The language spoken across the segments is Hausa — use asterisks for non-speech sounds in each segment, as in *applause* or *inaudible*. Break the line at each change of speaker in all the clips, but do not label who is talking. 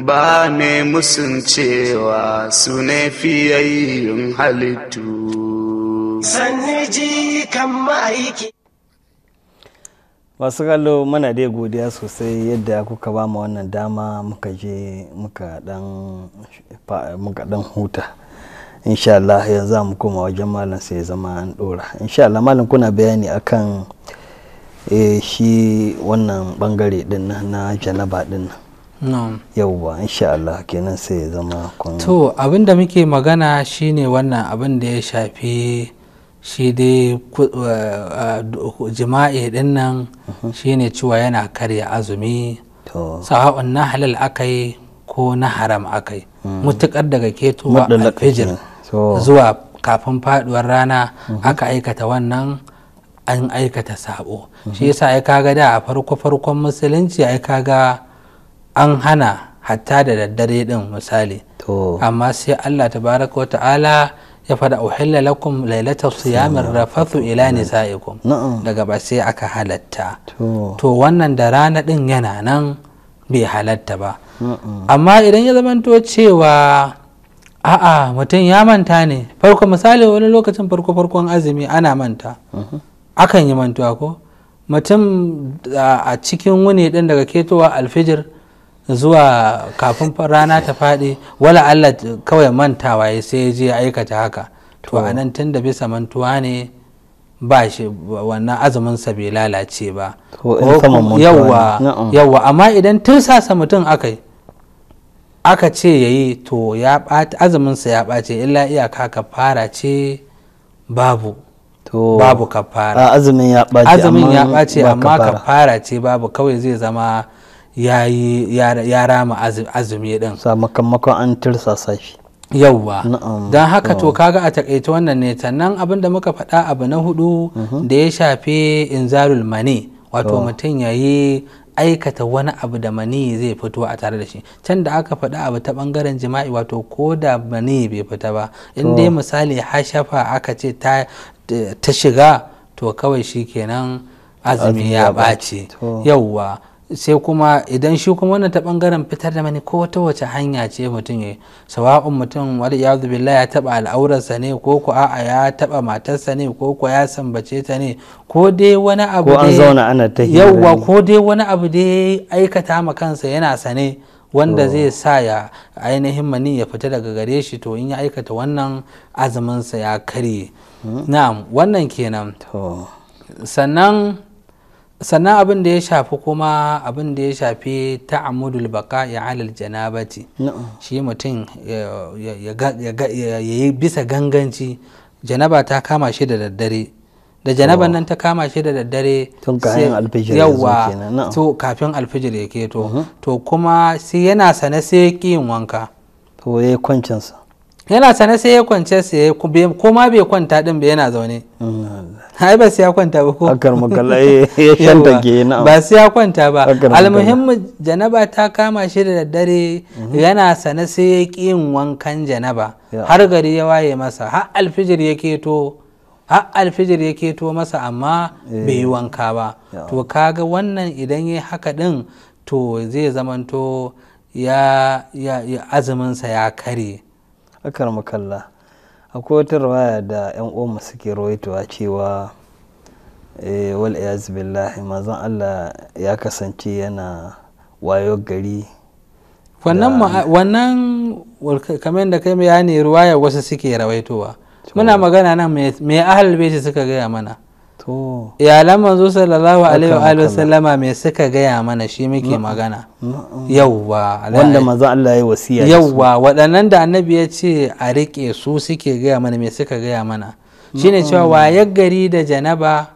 ba ne musun cewa su ne fiyayyun halittu sanni ji kan ma'aiki masu kallo mana dai godiya sosai yadda kuka ba mu wannan dama muka je muka dan huta insha Allah yanzu mu koma wajen malam sai ya zama an dora insha Allah malam kuna bayani akan eh, shi wannan bangare din na janaba din yauwa insha Allah kenan sai ya zama
kun to abin da muke magana shine wannan abin da ya shafi shi dai eh, eh, jima'i din uh-huh. shine cewa yana karya azumi sawa'un na halal akai ko na haram akai hmm. mutukar daga ketowa alfijir zuwa kafin faduwar rana uh-huh. aka aikata wannan an aikata sabo shi uh-huh. yasa ai kaga da a farko farkon musulunci ai kaga an hana hatta da daddare din misali amma sai Allah tabaraka wa ta'ala ya fada uhilla lakum lailata siyamin rafathu ila nisaikum daga ba sai aka halatta to wannan da rana din yana nan bai halatta ba amma idan ya zamanto cewa a'a mutum ya manta ne farko misali wani lokacin farko farkon azumi ana manta mhm. akan yi mantuwa ko mutum a cikin wuni din daga ketowa alfijir zuwa kafin rana ta faɗi wala Allah kawai mantawa ya sai je aikata haka to a nan tun da bisa mantuwa ne ba shi wannan azumin sa bai lalace ba yawwa amma idan tun sasa mutum aka yi aka ce ya yi to azumin sa ya ɓace illa iyaka ka fara ce babu
to babu kafara azumin ya ɓace amma kafara
ce babu kawai zai zama ya yi ya rama azumi din
sakamakon an tirsasa safi yauwa don haka to
kaga a takaice wannan ne sannan abin da muka faɗa abu na hudu mhm. da ya shafi inzalul mani wato mutum ya yi aikata wani abu da mani zai fito a tare da shi can da aka faɗi abu ta ɓangaren jima'i wato ko da mani bai fita ba in dai misali hashafa aka ce ta shiga to kawai shi kenan azumi ya ɓaci yauwa sai kuma idan shi kuma wannan ta bangaren fitar da mani ko ta wace hanya ce mutum ya sawa'un mutum wani ya billah ya taba al'aurarsa ne ko ko a'a ya taba matarsa ne ko ko ya sambace ta ne ko dai wani abu ko an zauna ana ta yawwa ko dai wani abu dai aikata ma kansa yana sane wanda oh. zai sa ya ainihin mani ya fita daga gare shi to in ya aikata wannan azumin ya karye hmm? na'am wannan kenan sannan sannan abin da ya shafi kuma abin da ya shafi ta amudul baka ya alal janabati shi mutum ya yi bisa ganganci janaba ta kama shi da daddare da janaban oh. nan ta kama shi da daddare yawa to kafin alfijir ya keto mhm. to kuma sai yana sane sai ya ƙi yin wanka to ya yi kwancinsa yana sane sai ya kwance sai ya ko ma bai kwanta din ba yana zaune ai ba sai ya kwanta ba ko akar makalla eh, eh, ya shanta ke na ba sai ya kwanta ba almuhimmi janaba ta kama shi da daddare mhm. yana sane sai ya ki yin wankan janaba har gari ya waye masa har alfijir ya keto har alfijir ya keto masa amma eh. bai yi wanka ba to kaga wannan idan ya haka din to zai zamanto ya sa ya kare akar makalla
akwai wata rawaya da yan uwanmu suke rawaitowa cewa eh, wal billahi manzon Allah ya kasance yana wayo gari
wannan kamar da kai bayani ruwaya wasu suke rawaitowa muna magana nan mai ahal bai suka gaya mana iyalan manzo sallallahu alaihi wa sallama me suka gaya mana shi muke magana
yauwa wanda manzo Allah ya wasiya yauwa
waɗannan da annabi ya ce a riƙe su suke gaya mana me suka gaya mana shine cewa wayar gari da janaba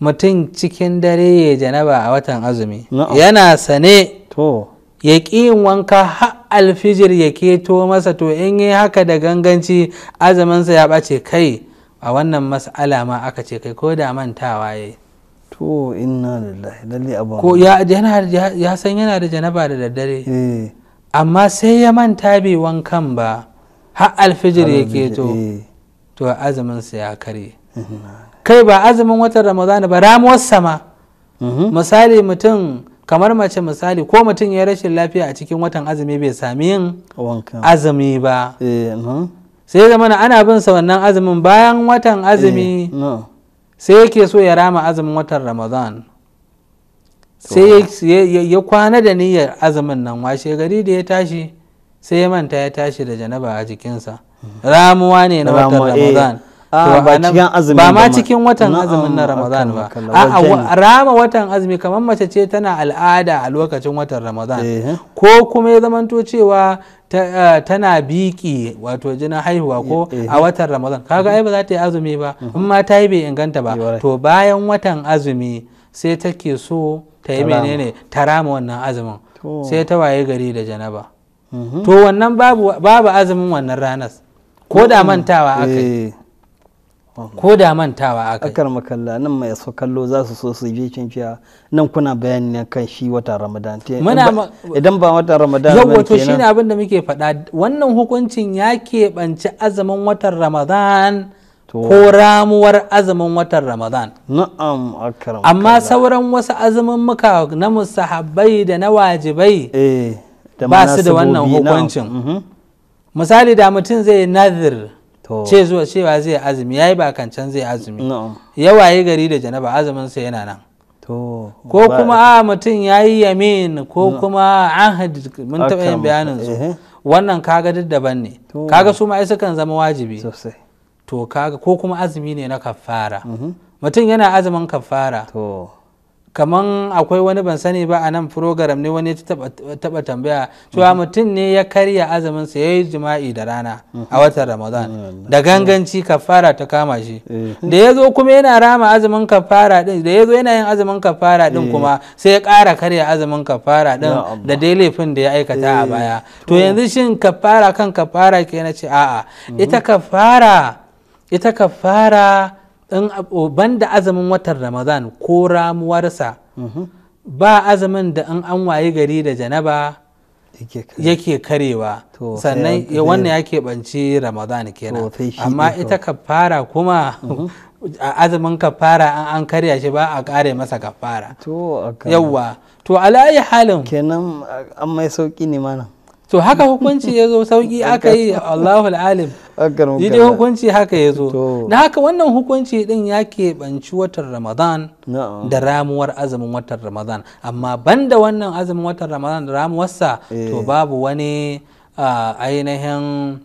mutum cikin dare ya janaba a watan azumi yana sane to ya yin wanka ha alfijir ya keto masa to in yi haka da ganganci azuminsa ya ɓace kai a wannan mas'ala ma aka ce kai ko da mantawa yayi
to inna lillahi lalle ko ya
yana san yana da janaba da daddare eh. amma sai ya manta bai wankan ba har alfijir yake to eh. to azumin sa ya kare mhm. kai ba azumin watan ramadana ba ramuwar sama mhm. misali mutum kamar mace misali ko mutum ya rashin lafiya a cikin watan azumi bai sami yin azumi ba eh, mhm. sai zama na ana bin sa wannan azumin bayan watan eh, azumi sai yake so ya rama azumin watan ramadan sai ya kwana da niyyar azumin nan washe gari da ya tashi sai ya manta ya tashi da janaba a jikinsa mm-hmm. ramuwa ne na watan eh. ramadan ah, ba ma cikin watan azumin na ramadan ba a rama watan azumi kamar mace ce tana al'ada a lokacin watan ramadan eh. ko kuma ya zamanto cewa Eh, tana biki wato jinin haihuwa ko eh, eh. a watan ramadan kaga ai ba za ta yi azumi ba mhm. in ma ta yi bai inganta ba to bayan watan azumi sai take so ta yi menene ta rama wannan azumin sai ta waye gari da janaba mhm. to
wannan babu azumin wannan ranar
ko da mantawa aka
yi ko da mantawa aka kai makalla nan mai so kallo za su so su je cin nan kuna bayani ne kan shi watan ramadan idan ba watan ramadan yau wato shi ne
abin da muke faɗa wannan hukuncin ya keɓanci azumin watan ramadan ko ramuwar azumin watan ramadan na'am akram amma sauran wasu azumin muka na musahabbai da na wajibai eh, ba su da wannan hukuncin mhm. misali da mutum zai nazir ce zuwa cewa zai azumi yayi ba kancan zai azumi yawaye gari da janaba azumin sa yana nan
ko kuma
a mutum ya yi yamin ko kuma an mun taɓa yin bayanin su wannan kaga duk daban ne kaga su ma sukan zama wajibi to kaga ko kuma azumi ne na kafara mhm. mutum yana azumin kafara kaman akwai wani ban sani ba a nan program ne wani ta taba tambaya cewa mm-hmm. mutum ne ya karya azumin sa yayi jima'i da rana a mm-hmm. watan ramadan mm-hmm. da ganganci kafara ta kama shi eh. da ya zo kuma yana rama azumin kafara din da ya zo yana yin azumin kafara din eh. kuma sai ya kara karya azumin kafara din da dai laifin da ya aikata a eh. baya to yanzu shin kafara kan kafara ke na ce a'a ita kafara ita kafara in da azumin watan ramadan ko ramuwarsa mhm. ba azumin da in an wayi gari da janaba yake karewa
sannan wannan
ya banci ramadan kenan amma ita kafara kuma mhm. *laughs* a azumin kafara an an karya shi ba a kare masa
kafara fara. yawwa to alayi halin kenan an mai sauki ne mana to haka hukunci ya zo sauki aka yi Allahu alim yi dai hukunci haka ya zo na
haka wannan hukunci din ya keɓanci watan ramadan da ramuwar azumin watan ramadan amma banda wannan azumin watan ramadan da ramuwarsa to eh. babu wani ainihin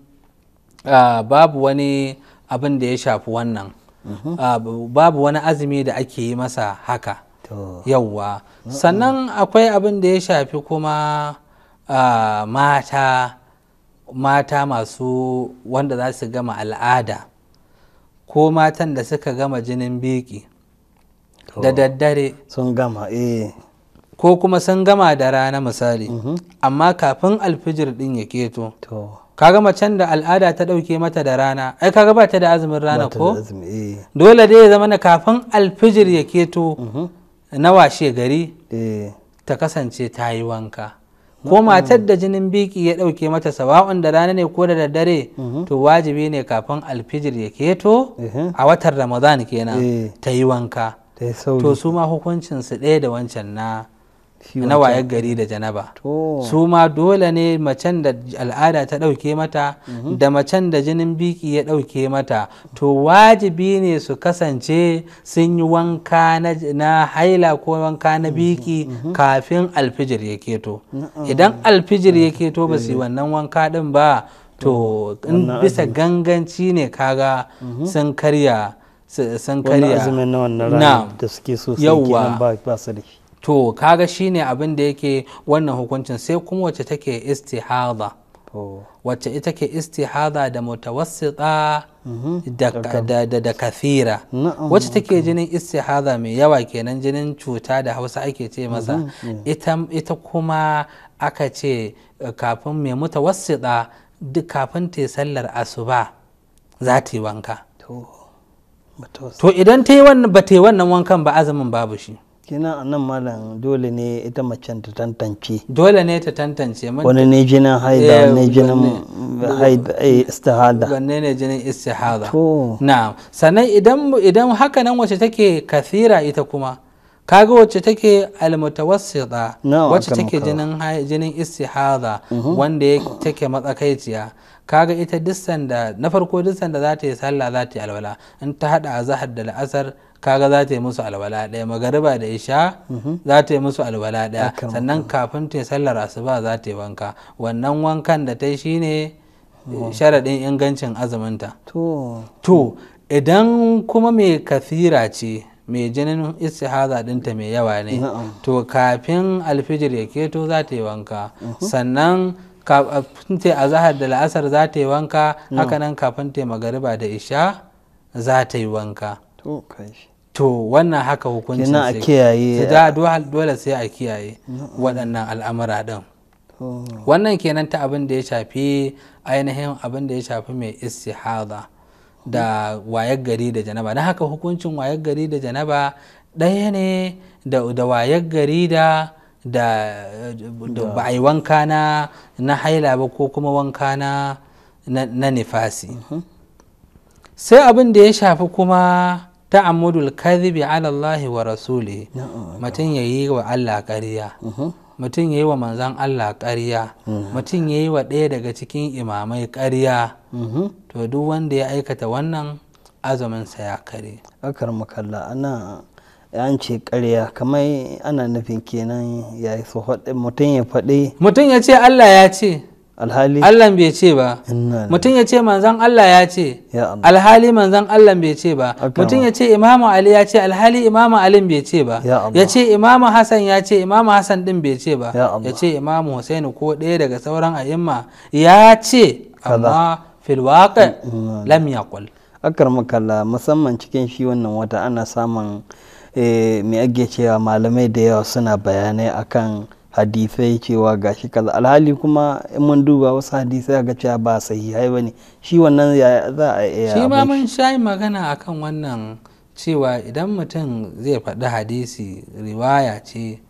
babu wani abin da ya shafi wannan mhm. babu wani azumi da ake yi masa haka yauwa sannan akwai abin da ya shafi kuma mata mata masu wanda za su gama al'ada ko matan da suka gama jinin biki da daddare sun gama eh ko kuma sun gama da rana misali mm-hmm. amma kafin alfijir din ya keto kaga macen da al'ada ta ɗauke mata da rana ai kaga ba ta da azumin rana ko eh. dole dai ya zama na kafin alfijir ya keto mm-hmm. na washe gari eh. ta kasance ta yi wanka ko matar da jinin biki ya ɗauke mata sawa'un da rana ne ko da daddare mhm. to wajibi ne kafin alfijir ya keto a watan ramadan kenan eh. ta yi wanka to su ma hukuncinsu ɗaya da wancan na na wayar gari da janaba su ma dole ne macen da al'ada ta ɗauke mata mhm. da macen da jinin biki ya ɗauke mata to wajibi ne su kasance sun yi wanka na haila ko wanka na mhm. biki mhm. kafin alfijir ya keto idan alfijir ya keto ba su yi eh. wannan wanka ɗin ba to in bisa ganganci ne kaga sun karya sun karya na da suke so sun ba su da shi to kaga shine abin da yake wannan hukuncin sai kuma wacce take istihada oh. wacce ita ke istihada da mutawassita mhm. da kafira wacce take jinin istihada mai yawa kenan jinin cuta da hausa ake ce mhm, masa ita kuma aka ce eh, kafin mai mutawassita duk kafin ta sallar asuba za ta yi wanka to idan ta yi wannan wankan ba azumin babu shi
kina anan malam dole ne ita macen ta tantance dole ne ta tantance wani ne jinin haida eh, ne jinin haida eh, istihada wanne ne jinin istihada
na'am sannan idan idan haka nan wacce take kathira ita kuma kaga wacce take almutawassita wacce take jinin jinin istihada mhm. wanda take matsakaiciya kaga ita dissan da na farko dissan da za ta yi sallah za ta yi alwala in ta hada azhar da la'asar kaga za ta yi musu alwala ɗaya magariba da isha za ta yi musu alwala ɗaya sannan kafin ta sallar asuba za ta yi wanka wannan wankan da ta yi shine sharaɗin ingancin azuminta to idan kuma mai kathira ce mai jinin istihaza dinta mai yawa ne to kafin alfijir ya keto za ta yi wanka sannan kafin ta azahar da la'asar za ta yi wanka hakanan kafin ta magariba da isha za ta yi wanka to wannan haka hukuncin sai a kiyaye eh. da dole sai a kiyaye waɗannan al'amura ɗin wannan kenan ta abin da ya shafi ainihin abin da ya shafi mai istihada da wayar gari da janaba na haka hukuncin wayar gari da janaba ɗaya ne da wayar gari da ba a yi wanka na na haila ba ko kuma wanka na na nifasi mhm. sai abin da ya shafi kuma ta'ammudul kadhibi ala Allah wa rasuli mutum ya yi wa Allah ƙarya mhm. mutum ya yi wa manzon Allah ƙarya mhm. mutum ya yi wa ɗaya daga cikin imamai ƙarya mhm. to duk wanda ya aikata wannan azumin sa ya kare
akar makalla ana an ce ƙarya kamar ana nufin kenan ya yi mutum ya faɗi mutum ya ce Allah ya ce alhali Allah bai ce ba mutum ya ce manzan Allah ya ce alhali
manzan Allah bai ce ba mutum ya ce imamu Ali ya ce alhali imamu Ali bai ce ba ya ce imamu Hassan ya ce imamu Hassan din bai ce ba ya ce imamu Hussein ko ɗaya daga sauran a'imma
ya ce amma
fil waqi lam yaqul
akar makalla musamman cikin shi wannan wata ana samun eh, mai ake cewa malamai da yawa suna bayanai akan hadisai cewa gashi kaza alhali kuma in mun duba wasu hadisai ga cewa ba sahihai bane shi wannan ya za a iya shi ma mun
shayi magana akan wannan cewa idan mutum zai faɗi hadisi riwaya ce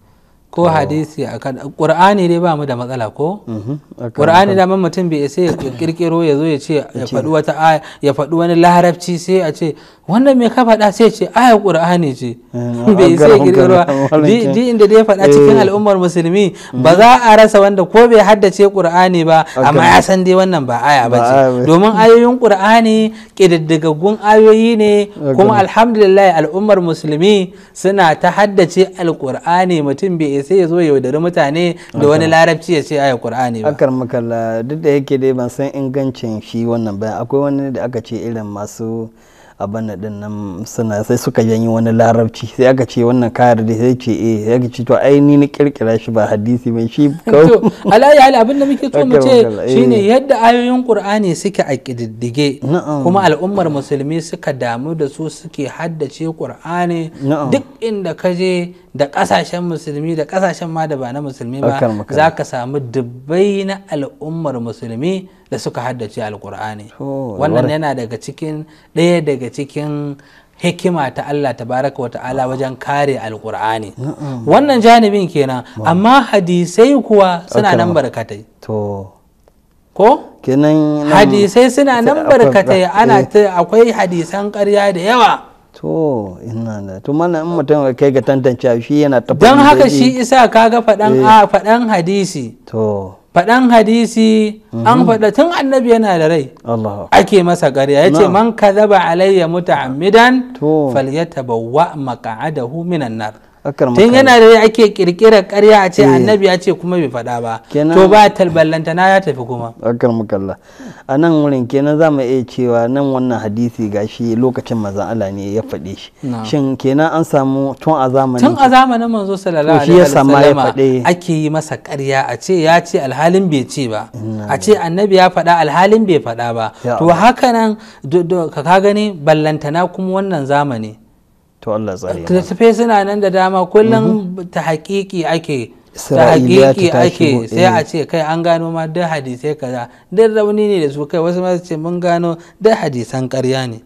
ko oh. hadisi akan qur'ani dai ba mu da matsala ko
mhm, qur'ani da
mutum bai sai ya kirkiro ya zo ya ce ya faɗi wata aya ya faɗi wani larabci sai a ce wannan mai ka faɗa sai ce aya ƙur'ani ce
eh, *laughs* bai sai girgarwa di
inda dai faɗa cikin eh. al'ummar musulmi mm. ba za a rasa wanda ko bai haddace ƙur'ani ba amma ya san dai wannan ba aya ba ce domin ayoyin ƙur'ani ƙididdigaggun ayoyi ne kuma alhamdulillah al'ummar musulmi suna ta haddace alƙur'ani mutum bai sai ya zo ya yaudari mutane
da wani larabci ya ce aya ƙur'ani ba akar makalla duk da yake dai ban san ingancin shi wannan ba akwai wani da aka ce irin masu abin din nan suna sai suka yanyi wani larabci sai aka ce wannan kayar da sai ce eh sai aka ce to ai ni na kirkira shi ba hadisi mai shi *laughs* to
alayi hali abin da muke so mu ce shine eh. yadda ayoyin qur'ani suke a kuma al'ummar musulmi suka damu da su suke haddace qur'ani duk inda ka je da kasashen musulmi da kasashen ma da ba na musulmi ba za ka samu dubbai na al'ummar musulmi da suka haddace alkur'ani wannan yana daga cikin ɗaya daga cikin hikima ta Allah baraka wa ta'ala wajen kare alkur'ani wannan janibin kenan amma hadisai kuwa suna nan barkatai
ko hadisai suna nan barkatai ana eh.
akwai hadisan ƙarya da yawa
to ina da to mana in mutum kai ga tantancewa shi yana ta don haka shi
isa kaga fadan eh. a fadan hadisi to fadan hadisi an mhm. fada tun annabi yana da rai ake masa ƙarya yace man kadaba alayya muta'ammidan falyatabawwa maq'adahu minan nar
tun yana da
ake kirkirar karya a ce eh. annabi ya ce kuma bai faɗa ba to ba talballanta na ya tafi kuma
akar mukalla a nan wurin kenan za mu iya cewa nan wannan hadisi gashi lokacin manzon Allah ne ya faɗe shi shin kenan an samu tun a zamanin tun
a zamanin manzo sallallahu alaihi wasallam ake yi masa karya a ce ya ce alhalin bai ce ba a ce annabi ya faɗa alhalin bai faɗa ba to haka nan ka gani ballantana kuma wannan zamani
to Allah littattafai
suna nan da dama kullum mhm. ta hakiki ake ta hakiki ake sai a ce kai an gano ma duk hadisai kaza duk rauni ne da su kai wasu ma ce mun gano duk hadisan ƙarya ne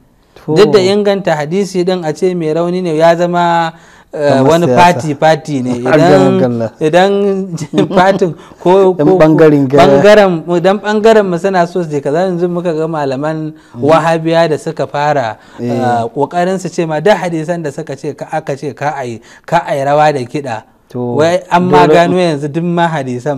duk da inganta hadisi din a ce mai rauni ne ya zama Eh, wani fati fati ne *laughs*
idan fatin *laughs* ko bangaren idan
bangaren mu suna so je kaza yanzu muka ga malaman mm. wahabiya da suka fara kokarin eh. ah, su ce ma da hadisan da suka ce ka aka ce ka ai ka ai rawa da kiɗa
wai an ma gano yanzu
duk ma hadisan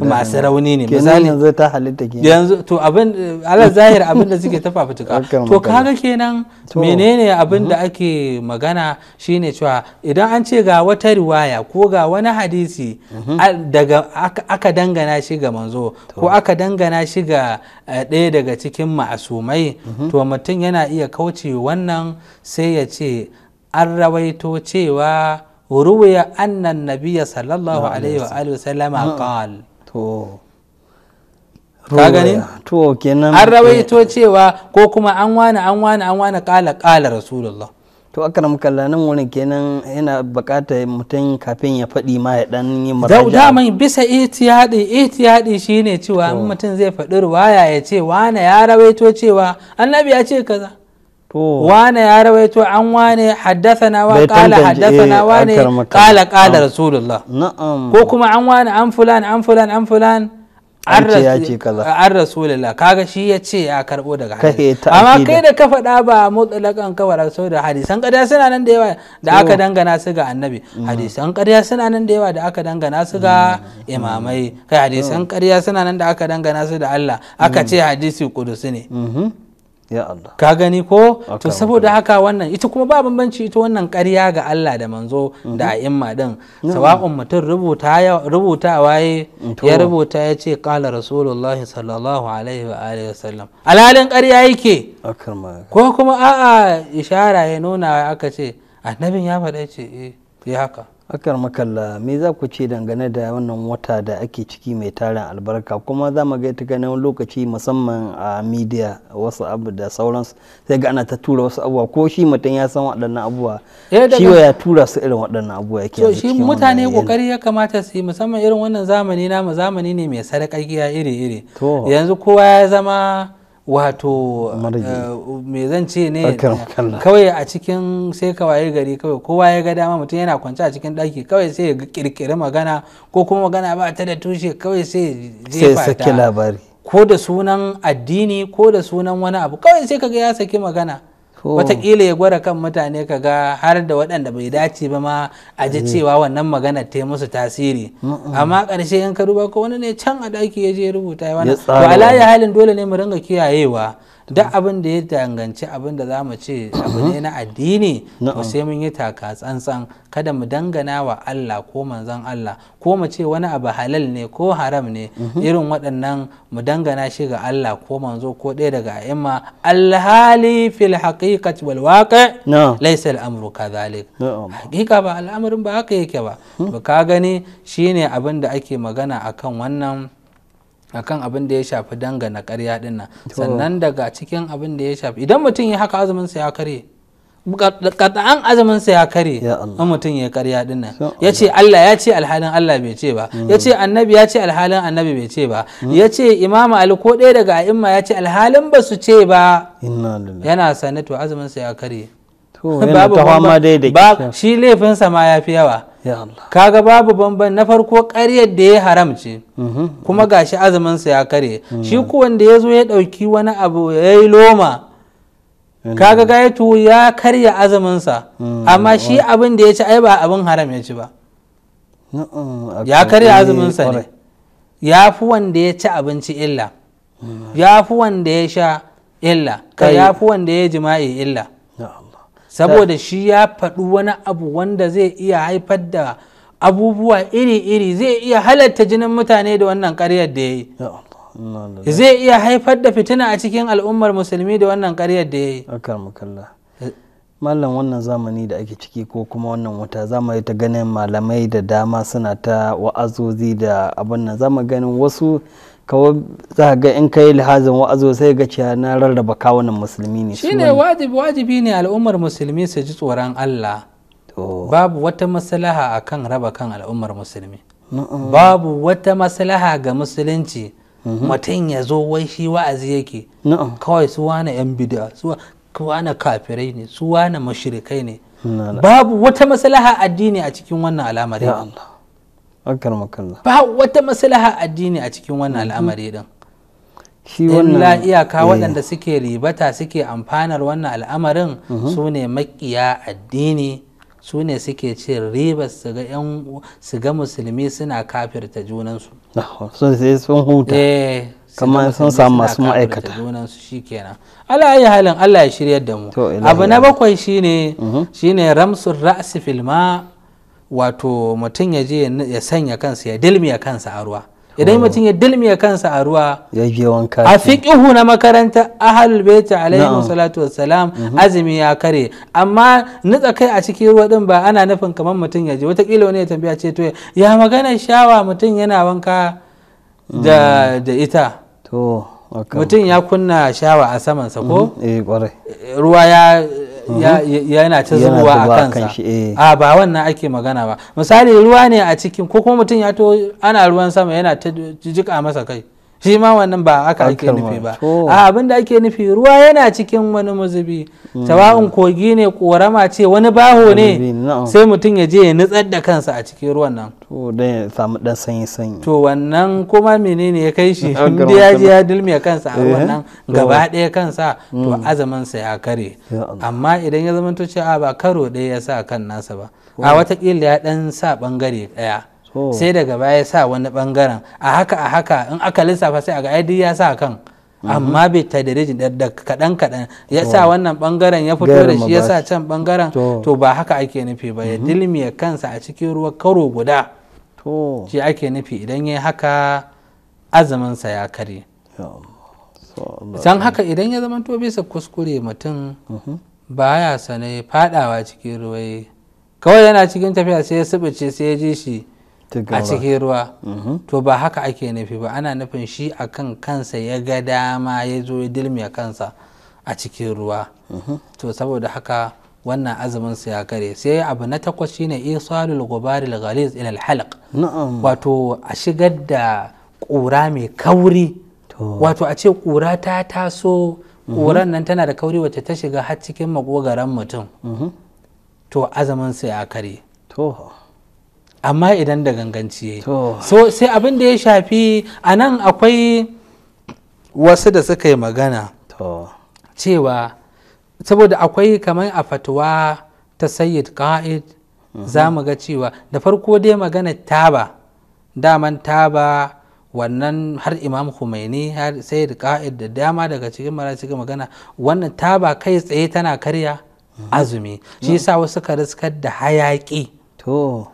masu rauni ne misali
yanzu ta halitta ke yanzu
to abin ala zahir abin da suke ta fafutuka *laughs* to kaga kenan menene abin da mhm. ake magana shine cewa idan an ce ga wata riwaya ko ga wani hadisi mhm. daga aka dangana shi ga manzo ko aka dangana shi ga eh, ɗaya daga cikin ma'asumai mhm. to mutum yana iya kauce wannan sai ya ce an rawaito cewa وروي أن النبي صلى الله عليه وآله وسلم قال
ka to kenan an rawaito
cewa ko kuma an wani an wani
an wani kala kala rasulullah to akram kalla nan wani kenan yana bukata mutum kafin ya faɗi ma ya dan yi maraja da mai
bisa ihtiyadi ihtiyadi shine cewa mutum zai faɗi ruwaya ya ce wani ya rawaito cewa annabi ya ce kaza
wane
ya rawaito an wane haddathana wa qala haddathana eh, wane qala qala rasulullah ko kuma an wane an fulan an fulan an fulan an rasulullah kaga shi ya ce ya karbo daga
hadisi amma kai
da ka faɗa ba mutlaqan kawar saboda mm. hadisan ƙarya suna nan da yawa da aka dangana su ga annabi hadisan ƙarya suna nan da yawa da aka dangana su ga imamai kai hadisan mm. ƙarya suna nan da aka dangana su da Allah aka mm. ce hadisi kudusi ne mm-hmm. ka gani ko to saboda haka wannan ita kuma ba bambanci ita wannan ƙarya ga Allah da manzo mhm. da a'imma din sawa'un mutum rubuta waye ya rubuta ya ce qala rasulullah sallallahu alaihi wa alihi wasallam alalin ƙarya yake ko kuma a'a ishara ya nuna aka ce annabin ya faɗa ce eh
haka akar makalla me za ku ce dangane da wannan wata da ake ciki mai tarin albarka kuma za mu ga ta ganin lokaci musamman a media wasu abu da sauransu sai ga ana ta tura wasu abubuwa ko shi mutum ya san waɗannan abubuwa eh, shi ya tura su irin waɗannan abubuwa yake shi mutane kokari
ya kamata su musamman irin wannan zamani namu zamani ne mai sarƙaƙiya iri-iri yanzu kowa ya zama wato eh, me zan ce ne kawai a cikin sai ka gari kawai kowa ya ga dama mutum yana kwance a cikin ɗaki kawai sai ya kirkiri magana ko kuma magana ba ta da tushe kawai sai ya saki labari ko da sunan addini ko da sunan wani abu kawai sai kaga ya saki magana wataƙila ya gwara kan mutane ka ga har da waɗanda bai dace ba ma a ji mm. cewa wannan magana ta musu tasiri
amma ƙarshe
in ka duba ko wani ne can a ɗaki ya je rubuta ya wani to halin dole ne mu ringa kiyayewa duk abin da ya danganci abin da za mu ce abu ne na addini to sai mun yi taka tsantsan kada mu dangana wa Allah ko manzon Allah ko mu ce wani abu halal ne ko haram ne mhm. irin waɗannan mu dangana shi ga Allah ko manzo ko ɗaya daga a'imma alhali fil haqiqati wal waqi laysa al-amru kadhalik
haqiqa
ba amrun ba haka yake ba hmm. ka gani shine abin da ake magana akan wannan akan abin da ya shafi dangana karya din nan sannan daga cikin abin da ya shafi idan mutum ya haka azumin sa ya karye kada'an azumin sa ya karye in mutum ya karya din nan ya ce Allah ya ce alhalin Allah bai ce ba ya ce hmm. annabi ya ce alhalin annabi bai ce ba hmm. ya ce imama ali ko ɗaya daga a'imma ya ce alhalin ba su ce ba yana sane to azumin sa ya karye *laughs* babu da shi laifinsa ma ya fi yawa kaga babu bambam na farko karyar da ya haramci mhm. kuma gashi azuminsa ya karye mhm. shi ko wanda ya zo ya ɗauki wani abu ya yi loma kaga gaitu ya karya azuminsa mhm. amma shi abin da ya ci ai ba abin haram ya ci ba
ya karya azuminsa ne
ya fi wanda ya ci abinci illa ya fi wanda ya sha illa ka ya fi wanda ya jima'i illa saboda shi ya faɗi wani abu wanda zai iya haifar da abubuwa iri-iri zai iya halatta jinin mutane da wannan karyar da ya yi zai iya haifar da fitina a cikin al'ummar musulmi da wannan karyar da ya yi
eh. mallam wannan zamani da ake ciki ko kuma wannan wuta zamani ta ganin malamai da dama suna ta wa'azozi da abin nan zama ganin wasu kawai za ga in kai lihazin wa'azo sai ga cewa na rarraba kawunan musulmi ne shine
wajibi wajibi ne al'ummar musulmi su ji tsoron Allah babu wata maslaha akan raba kan al'ummar musulmi babu wata maslaha ga musulunci mm-hmm. mutum ya zo wai shi wa'azi yake kawai su wani yan bid'a su wani kafirai ne su wani mashirikai ne babu wata maslaha addini a cikin wannan al'amari ba wata maslaha addini a cikin wannan mm-hmm. al'amari din
shi wannan iyaka eh. waɗanda
suke ribata suke amfanar wannan al'amarin mm-hmm. su ne makiya addini su ne suke cin riba su ga su ga musulmi suna kafirta junansu
sun sai sun huta eh, kamar sun samu masu ma'aikata
junansu shikenan ala ayi halin Allah ya shiryar da
mu abu na
bakwai shine mm-hmm. shine ramsul ra'si filma wato mutum ya je ya sanya kansa ya dilmiya kansa a ruwa idan oh. mutum ya dilmiya kansa a ruwa
ya je wanka a fiqihu
na makaranta ahlul baiti alaihi salatu wassalam mhm. azumi ya kare amma nutsa kai a cikin ruwa din ba ana nufin kamar mutum ya je watakila wani ya tambaya ce to ya magana shawa mutum yana wanka da mm. ita mutum ya kunna shawa a samansa ko mm-hmm. eh, ruwa ya yana ta zuwa a kansa eh. a ba wannan ake magana ba misali ruwa ne a cikin ko kuma mutum ya to ana ruwan sama yana ta jika masa kai shi ma wannan ba aka ake nufi ba a abin da ake nufi ruwa yana cikin wani mazubi tawa'un hmm. kogi ne korama ce wani baho ne sai mutum ya je ya nutsar da kansa a cikin ruwan nan to da ya samu dan sanyi sanyi to wannan kuma menene ya kai shi *laughs* inda ya ji ya dulmiya kansa a wannan eh, gaba ɗaya kansa to hmm. azaman sa ya kare amma idan ya zama to a ba karo ɗaya ya sa kan nasa ba a hmm. watakila ya dan sa bangare ɗaya Oh. sai daga baya sa wani bangaren a haka a haka in aka lissafa sai a ga aidi ya sa kan mm-hmm. amma bai ta da da kaɗan kaɗan ya sa wannan bangaren ya fito da shi ya sa can bangaren to ba haka ake nufi ba ya mm-hmm. ya kansa a cikin ruwa karo guda shi ake nufi idan ya haka azuminsa ya kare san haka idan ya zama to bisa kuskure mutum mm-hmm. ba ya sane fadawa cikin ruwa kawai yana cikin tafiya sai ya subuce sai ya ji shi
a cikin
ruwa mm-hmm. to ba haka ake nufi ba ana nufin shi akan kansa ya ga dama ya zo ya dilmiya kansa a cikin ruwa mm-hmm. to saboda haka wannan azumin ya kare sai abu na takwas shine isalul gubaril ghaliz ila halq wato a shigar da kura mai kauri wato a ce kura ta taso kura mm-hmm. nan tana da kauri wacce ta shiga har cikin makogaran mutum to azumin ya kare amma idan da ganganci so sai abin da ya shafi a nan akwai wasu da suka yi magana cewa saboda akwai kamar a fatuwa ta sayyid ka'id mhm. za mu ga cewa da farko dai magana taba daman taba wannan har imam khumaini har sayyid ka'id da dama daga cikin mara cikin magana wannan taba kai tsaye tana karya mhm. azumi shi yasa wasu ka riskar da hayaki to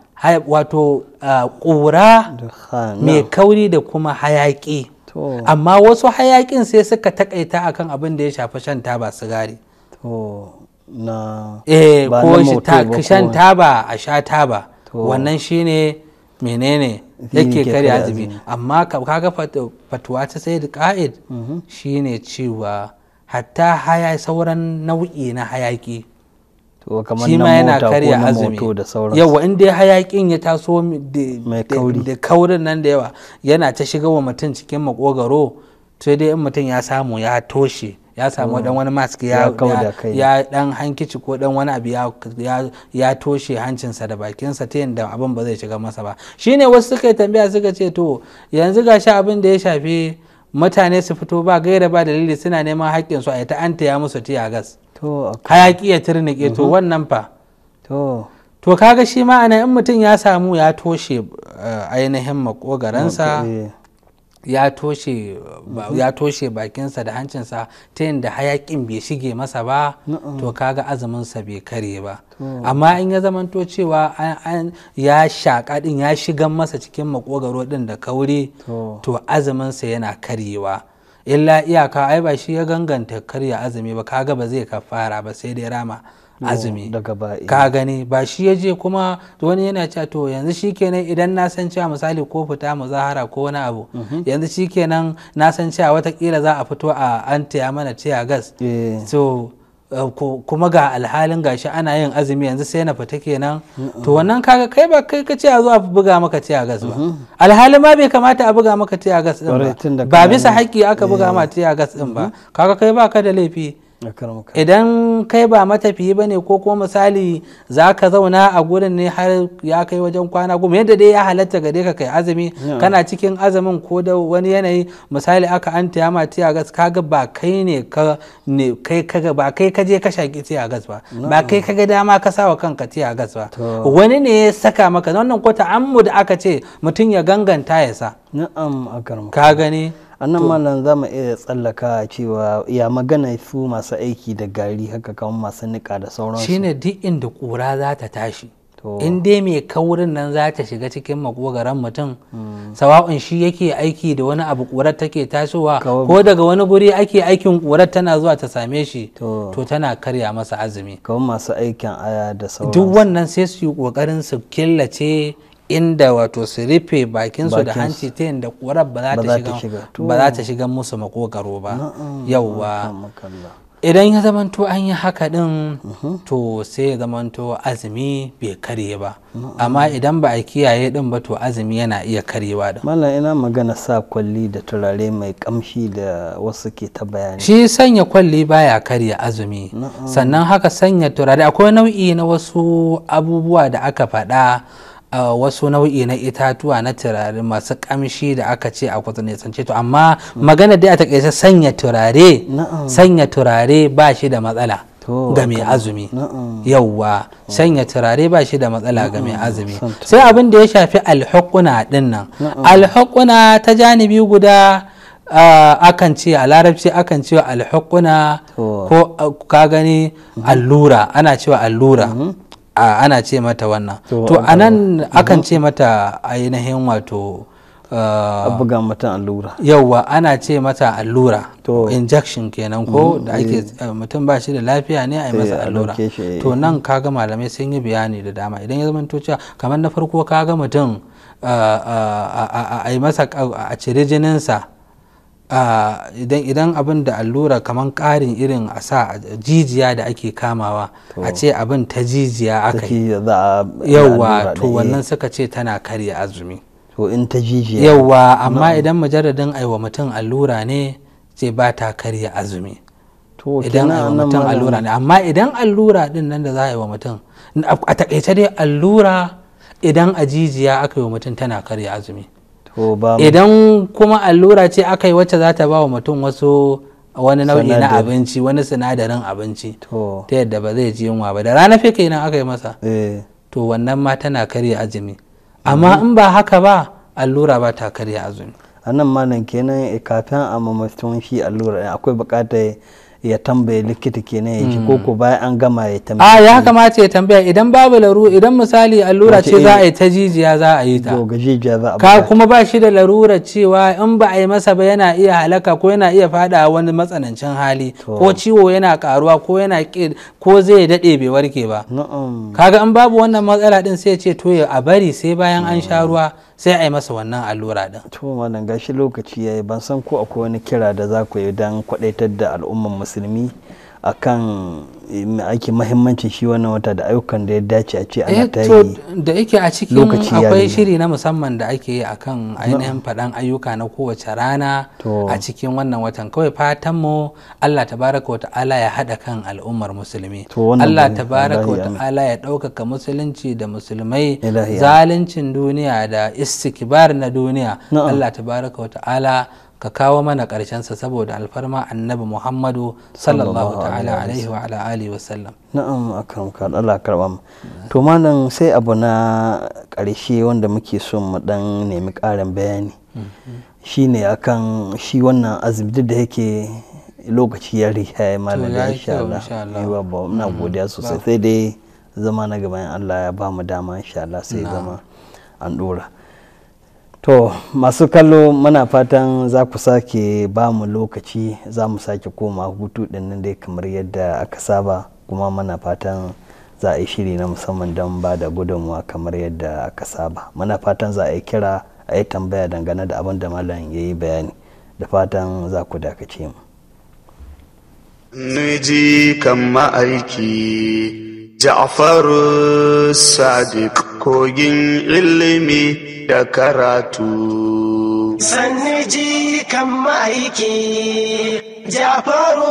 wato ah, ƙura mai kauri da kuma hayaƙi amma wasu hayaƙin sai suka taƙaita akan abin da ya shafi shan taba sigari
eh, ko ko shan
taba a sha taba wannan shine menene yake kare azumi amma kaga fatuwa ta sai da ka'id mhm. shine cewa hatta haya sauran nau'i na hayaƙi. kamar na mota ko na moto da sauransu yawa hayakin ya taso da kaurin nan da yawa yana ta shiga wa mutum cikin makogaro sai dai in mutum ya samu ya toshe ya samu dan mm. wani mask ya ya dan hankici ko dan wani abu ya toshe hancinsa da bakinsa ta yadda abin ba zai shiga masa ba shine wasu suka yi tambaya suka ce to yanzu gashi abin da ya shafi mutane su fito ba gaira ba dalili suna neman haƙƙinsu su a ta an ya musu tiya gas hayaki ya turnike to uh-huh. wannan fa to kaga shi ma in mutum ya samu ya toshe eh, ainihin makogaransa eh. ya toshe bakinsa da hancinsa ta yadda hayakin bai shige masa ba to kaga azuminsa bai kare ba amma in ya zamanto cewa ya shaƙa din ya shiga masa cikin makogaro din da kauri to azuminsa yana karyewa illa iyaka ai ba shi ya ganganta karya azumi ba kaga ba zai fara ba sai dai rama azumi ka gani ba shi ya je kuma wani yana cewa to yanzu shikenan idan na san cewa misali ko fita muzahara ko wani abu mhm. yanzu shikenan na san cewa watakila za a fito a an taya mana tiya gas eh. so Eh, kuma ga alhalin gashi ana yin azumi yanzu sai na fita kenan to wannan kaga kai ba kai ka a zo a buga maka tiya gas ba mm-hmm. alhalin ma bai kamata a buga maka tiya gas din ba ba bisa haƙƙi aka buga maka tiya gas din ba kaga kai ba ka da laifi idan kai ba matafiyi ba ne ko kuma misali za ka zauna a gurin ne har ya kai wajen kwana goma yadda dai ya halatta gare ka kai azumi kana cikin azumin ko da wani yanayi misali aka an tiya ma tiya gas kaga ba kai ne ka ne kai ka ba kai ka je ka shaki tiya gas ba ba kai kaga dama ka sawa kanka tiya gas ba wani ne ya saka maka wannan ko da aka ce mutum ya ganganta ya sa na'am ka gani annan nan
malam za mu iya tsallaka cewa ya magana su masu aiki da gari haka kan masu nika da sauransu
shine duk inda ƙura za ta tashi in
dai mai kaurin
nan za ta shiga cikin makogaran mutum hmm. sawa'un shi yake aiki da wani abu ƙurar take tasowa ko daga wani guri ake aikin ƙurar tana zuwa ta same shi to tana karya masa azumi kawai masu aikin aya da sauransu duk wannan sai su yi kokarin su killace inda wato su rufe bakinsu da hanci ta da ƙurar ba za ta shiga musu makogaro ba yauwa idan ya zamanto an yi haka din mhm. to sai ya zamanto azumi bai karye ba amma idan ba a kiyaye din ba to azumi yana iya karyewa da
mallam ina magana sa kwalli da turare mai kamshi da wasu ke ta bayani shi sanya kwalli baya karya azumi
sannan haka sanya turare akwai nau'i na wasu abubuwa da aka faɗa Uh, wasu nau'i na itatuwa na turare masu kamshi da aka ce a kwatsa sance to amma mm. magana dai a takaice sanya turare oh. sanya turare ba shi da matsala
ga mai azumi
yauwa sanya turare ba shi da matsala ga mai azumi sai abin da ya shafi alhukuna din nan alhukuna ta janibi guda uh, akan ce a larabci akan cewa alhukuna ko uh, ka gani mhm. allura ana cewa allura mm -hmm. ana ce mata wannan to anan akan ce mata ainihin wato Uh, buga
mata allura
yauwa ana ce mata allura to injection kenan ko mm-hmm. da ake eh. Eh, mutum ba shi da lafiya ne a yi masa eh, allura to nan kaga malamai sun yi bayani da dama idan ya zama cewa kamar na farko kaga mutum uh, uh, a yi masa a cire jininsa Ah, idan abin da allura kamar karin irin a sa jijiya da ake kamawa a ce abin ta jijiya aka yi yauwa to eh. wannan suka ce tana karya azumi
to in ta jijiya yauwa amma
idan mujarradin aiwa mutum allura ne ce ba ta karya azumi
idan aiwa mutum allura ne amma
idan allura din nan da za a yi wa mutum a takaice dai allura idan a jijiya aka yi wa mutum tana karya azumi idan kuma allura ce aka yi wacce za ta ba wa mutum wasu wani nau'i na abinci wani sinadarin abinci ta yadda ba zai ji yunwa ba da rana fika idan aka yi masa eh. to wannan ma tana karya azumi mhm. amma in ba haka ba allura ba ta karya azumi
a nan ma nan kenan eh, kafin a mamastun shi allura akwai bukatar ya tambaye likita kenan ya ji koko hmm. bayan an gama ya tambaya a ah, ya
kamata ya tambaya idan babu laru idan misali allura ce za a yi
ta jijiya za a yi ta ka
kuma ba shi da larura cewa in ba a yi masa ba yana iya halaka ko yana iya fada wani matsanancin hali ko ciwo yana karuwa ko yana ko zai dade bai warke ba kaga in babu wannan matsala din sai ce to a bari sai bayan an sha ruwa sai a yi masa wannan allura din
to wannan gashi lokaci ya yi ban san ko akwai wani kira da za ku yi don kwadaitar da al'ummar musulmi akan ake mahimmancin shi wannan wata da ayyukan da ya dace a ce ana eh, ta yi
da yake a cikin akwai shiri na musamman da ake yi akan ainihin faɗan ayyuka na kowace rana a cikin wannan watan kawai fatan mu Allah tabaraka wata'ala ya haɗa kan al'ummar musulmi Allah tabaraka wata'ala ya ɗaukaka musulunci da musulmai zaluncin duniya da istikbar na duniya Allah tabaraka wata'ala ka kawo mana ƙarshensa saboda alfarma annabi muhammadu sallallahu ta'ala alaihi wa ala wasallam
na'am akram ka Allah karba to malam sai abu na ƙarshe wanda muke so mu dan nemi ƙarin bayani shine akan shi wannan azumi da yake lokaci ya riha ya malam insha Allah muna mm-hmm. godiya sosai sai dai zama na gaban Allah ya ba mu dama insha Allah sai zama an dora to masu kallo muna fatan za ku sake ba mu lokaci za mu sake koma hutu nan dai kamar yadda aka saba kuma muna fatan za a yi shiri na musamman don ba da gudunmuwa kamar yadda aka saba muna fatan za a yi kira a yi tambaya dangane da abin da malam ya yi bayani da fatan za ku dakace mu. kan ma'aiki Ja'faru Sadiq kogin ilimi da karatu. Sanni ji kan ma'aiki, Ja'faru